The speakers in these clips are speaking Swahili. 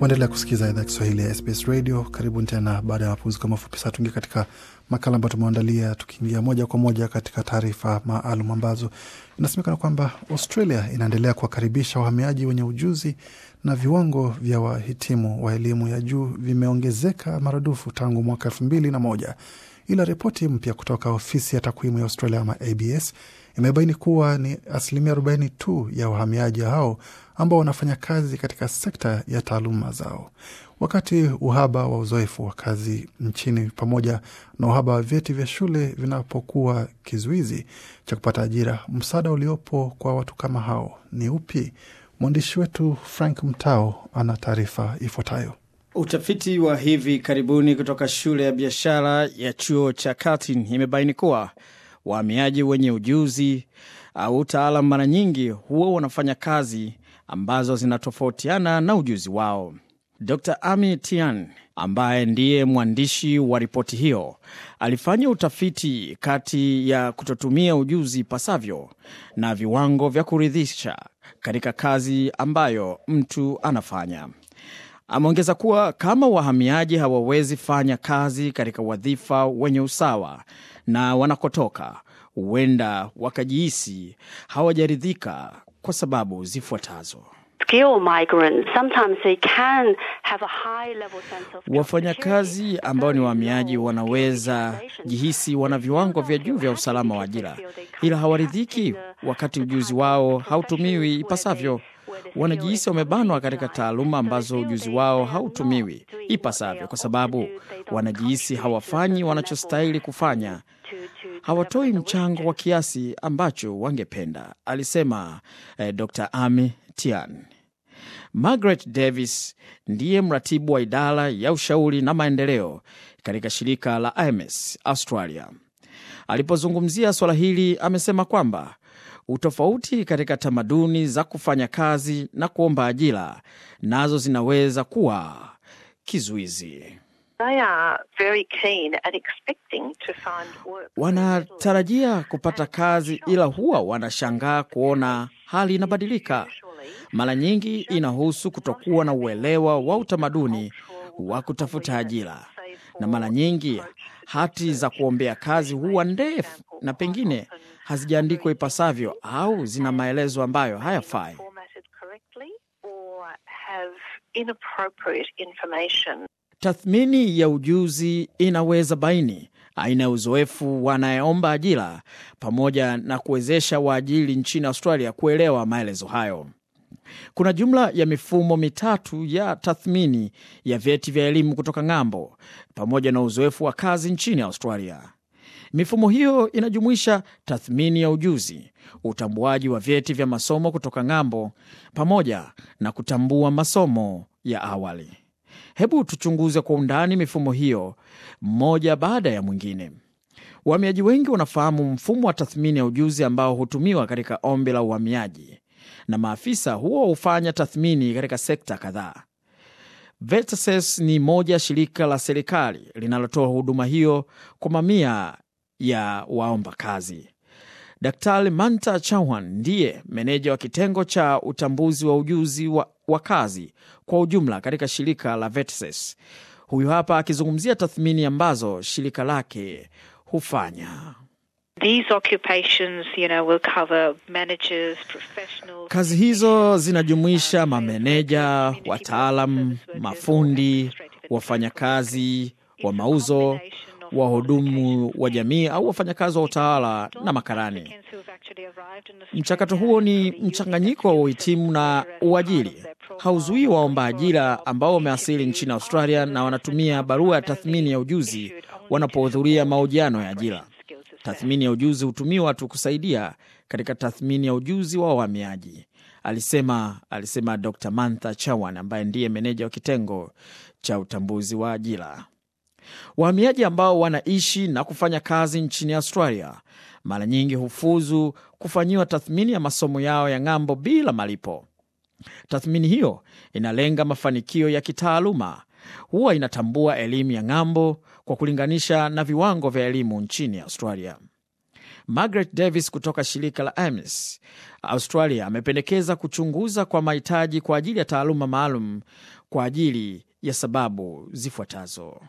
Waendelea kusikiza idhaa Kiswahili ya SBS Radio. Karibuni tena baada ya mapumziko mafupi saa tuingia katika makala ambayo tumeandalia, tukiingia moja kwa moja katika taarifa maalum ambazo inasemekana kwamba Australia inaendelea kuwakaribisha wahamiaji wenye ujuzi na viwango vya wahitimu wa elimu ya juu vimeongezeka maradufu tangu mwaka elfu mbili na moja, ila ripoti mpya kutoka ofisi ya takwimu ya Australia ama ABS imebaini kuwa ni asilimia 40 tu ya wahamiaji hao ambao wanafanya kazi katika sekta ya taaluma zao. Wakati uhaba wa uzoefu wa kazi nchini pamoja na uhaba wa vyeti vya shule vinapokuwa kizuizi cha kupata ajira, msaada uliopo kwa watu kama hao ni upi? Mwandishi wetu Frank Mtao ana taarifa ifuatayo. Utafiti wa hivi karibuni kutoka shule ya biashara ya chuo cha Curtin imebaini kuwa Wahamiaji wenye ujuzi au utaalam mara nyingi huwa wanafanya kazi ambazo zinatofautiana na ujuzi wao. Dr ami Tian ambaye ndiye mwandishi wa ripoti hiyo alifanya utafiti kati ya kutotumia ujuzi pasavyo na viwango vya kuridhisha katika kazi ambayo mtu anafanya. Ameongeza kuwa kama wahamiaji hawawezi fanya kazi katika wadhifa wenye usawa na wanakotoka, huenda wakajihisi hawajaridhika kwa sababu zifuatazo. Wafanyakazi ambao ni wahamiaji wanaweza jihisi wana viwango vya juu vya usalama wa ajira, ila hawaridhiki wakati ujuzi wao hautumiwi ipasavyo wanajihisi wamebanwa katika taaluma ambazo ujuzi wao hautumiwi ipasavyo, kwa sababu wanajihisi hawafanyi wanachostahili kufanya, hawatoi mchango wa kiasi ambacho wangependa, alisema eh, Dr. ami Tian. Margaret Davis ndiye mratibu wa idara ya ushauri na maendeleo katika shirika la IMS Australia. Alipozungumzia swala hili, amesema kwamba Utofauti katika tamaduni za kufanya kazi na kuomba ajira nazo zinaweza kuwa kizuizi. Wanatarajia kupata kazi, ila huwa wanashangaa kuona hali inabadilika. Mara nyingi inahusu kutokuwa na uelewa wa utamaduni wa kutafuta ajira, na mara nyingi hati za kuombea kazi huwa ndefu na pengine hazijaandikwa ipasavyo au zina maelezo ambayo hayafai. Tathmini ya ujuzi inaweza baini aina ya uzoefu wanayeomba ajira pamoja na kuwezesha waajili nchini Australia kuelewa maelezo hayo. Kuna jumla ya mifumo mitatu ya tathmini ya vyeti vya elimu kutoka ng'ambo pamoja na uzoefu wa kazi nchini Australia. Mifumo hiyo inajumuisha tathmini ya ujuzi, utambuaji wa vyeti vya masomo kutoka ng'ambo, pamoja na kutambua masomo ya awali. Hebu tuchunguze kwa undani mifumo hiyo mmoja baada ya mwingine. uhamiaji wengi wanafahamu mfumo wa tathmini ya ujuzi ambao hutumiwa katika ombi la uhamiaji, na maafisa huwa hufanya tathmini katika sekta kadhaa. VETASES ni moja ya shirika la serikali linalotoa huduma hiyo kwa mamia ya waomba kazi. Daktari Manta chawan ndiye meneja wa kitengo cha utambuzi wa ujuzi wa, wa kazi kwa ujumla katika shirika la VETSES. Huyu hapa akizungumzia tathmini ambazo shirika lake hufanya. These you know, will cover managers, Kazi hizo zinajumuisha um, mameneja, wataalam, mafundi, wafanyakazi wa mauzo wahudumu wa jamii au wafanyakazi wa utawala na makarani. Mchakato huo ni mchanganyiko wa uhitimu na uajiri. Hauzuii waomba ajira ambao wameasili nchini Australia na wanatumia barua ya tathmini ya ujuzi wanapohudhuria mahojiano ya ajira. Tathmini ya ujuzi hutumiwa tu kusaidia katika tathmini ya ujuzi wa wahamiaji, alisema alisema Dr Mantha Chawan ambaye ndiye meneja wa kitengo cha utambuzi wa ajira. Wahamiaji ambao wanaishi na kufanya kazi nchini Australia mara nyingi hufuzu kufanyiwa tathmini ya masomo yao ya ng'ambo bila malipo. Tathmini hiyo inalenga mafanikio ya kitaaluma, huwa inatambua elimu ya ng'ambo kwa kulinganisha na viwango vya elimu nchini Australia. Margaret Davis kutoka shirika la AMIS Australia amependekeza kuchunguza kwa mahitaji kwa ajili ya taaluma maalum kwa ajili ya sababu zifuatazo.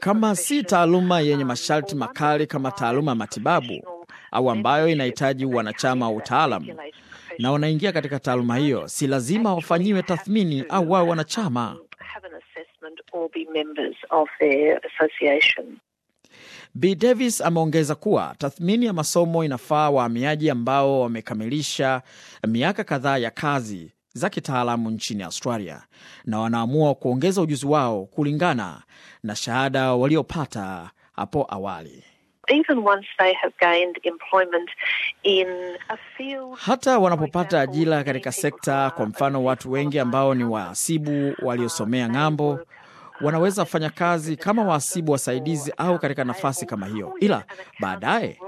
Kama si taaluma yenye um, masharti makali kama taaluma ya matibabu au ambayo inahitaji wanachama wa utaalam na wanaingia katika taaluma hiyo, si lazima wafanyiwe tathmini au wawe wanachama. Um, B Davis ameongeza kuwa tathmini ya masomo inafaa wahamiaji ambao wamekamilisha miaka kadhaa ya kazi za kitaalamu nchini Australia na wanaamua kuongeza ujuzi wao kulingana na shahada waliopata hapo awali. Even once they have gained employment in a field... hata wanapopata ajira katika sekta, kwa mfano, watu wengi ambao ni wahasibu waliosomea ng'ambo wanaweza fanya kazi kama wahasibu wasaidizi au katika nafasi kama hiyo, ila baadaye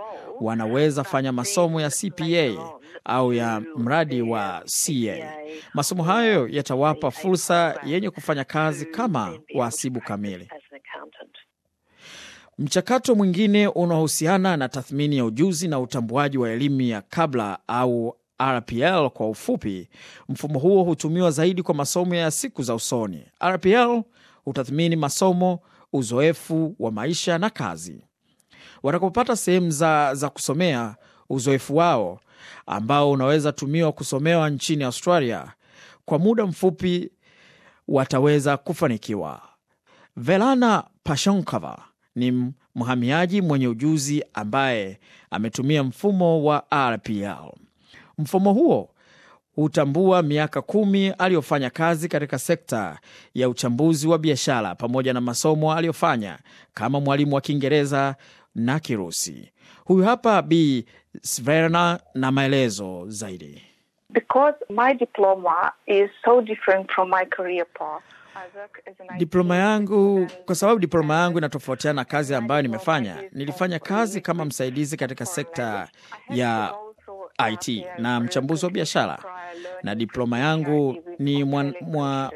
wanaweza fanya masomo ya CPA au ya mradi wa CA. Masomo hayo yatawapa fursa yenye kufanya kazi kama wasibu kamili. Mchakato mwingine unaohusiana na tathmini ya ujuzi na utambuaji wa elimu ya kabla au RPL kwa ufupi. Mfumo huo hutumiwa zaidi kwa masomo ya siku za usoni. RPL hutathmini masomo, uzoefu wa maisha na kazi watakapopata sehemu za, za kusomea uzoefu wao ambao unaweza tumiwa kusomewa nchini Australia kwa muda mfupi wataweza kufanikiwa. Velana Pashonkova ni mhamiaji mwenye ujuzi ambaye ametumia mfumo wa RPL. Mfumo huo hutambua miaka kumi aliyofanya kazi katika sekta ya uchambuzi wa biashara pamoja na masomo aliyofanya kama mwalimu wa Kiingereza na Kirusi. Huyu hapa b Sverna na maelezo zaidi. Diploma yangu kwa sababu diploma yangu inatofautiana na kazi ambayo nimefanya. Nilifanya kazi kama msaidizi katika sekta ya IT na mchambuzi wa biashara, na diploma yangu ni mwa, mwa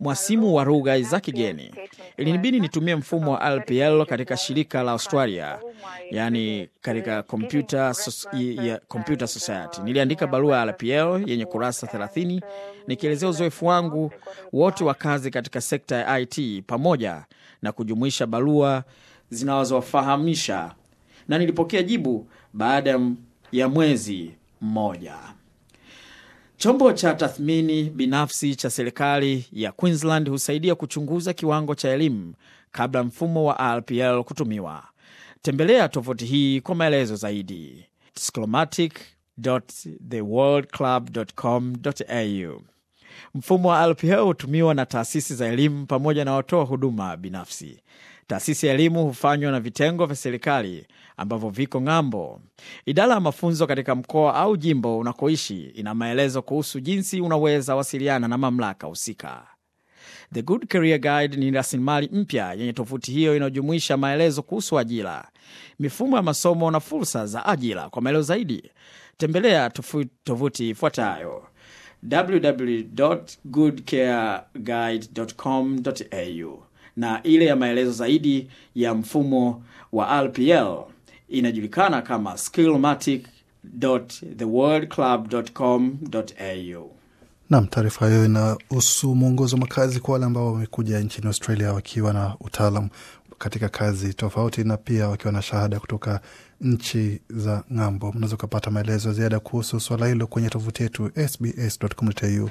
mwasimu wa rugha za kigeni. Ilinibidi nitumie mfumo wa LPL katika shirika la Australia, yani katika Computer, so ya Computer Society. Niliandika barua ya LPL yenye kurasa 30 nikielezea uzoefu wangu wote wa kazi katika sekta ya IT pamoja na kujumuisha barua zinazowafahamisha, na nilipokea jibu baada ya mwezi mmoja. Chombo cha tathmini binafsi cha serikali ya Queensland husaidia kuchunguza kiwango cha elimu kabla mfumo wa RPL kutumiwa. Tembelea tofauti hii kwa maelezo zaidi diplomatic.theworldclub.com.au. Mfumo wa RPL hutumiwa na taasisi za elimu pamoja na watoa huduma binafsi. Taasisi ya elimu hufanywa na vitengo vya serikali ambavyo viko ng'ambo. Idara ya mafunzo katika mkoa au jimbo unakoishi ina maelezo kuhusu jinsi unaweza wasiliana na mamlaka husika. The Good Career Guide ni rasilimali mpya yenye tovuti hiyo inayojumuisha maelezo kuhusu ajira, mifumo ya masomo na fursa za ajira. Kwa maelezo zaidi, tembelea tovuti ifuatayo www.goodcareguide.com.au na ile ya maelezo zaidi ya mfumo wa RPL inajulikana kama skillmatic.theworldclub.com.au. Nam, taarifa hiyo inahusu mwongozo wa makazi kwa wale ambao wamekuja nchini Australia wakiwa na utaalam katika kazi tofauti na pia wakiwa na shahada kutoka nchi za ng'ambo. Mnaweza ukapata maelezo ya ziada kuhusu swala hilo kwenye tovuti yetu sbs.com.au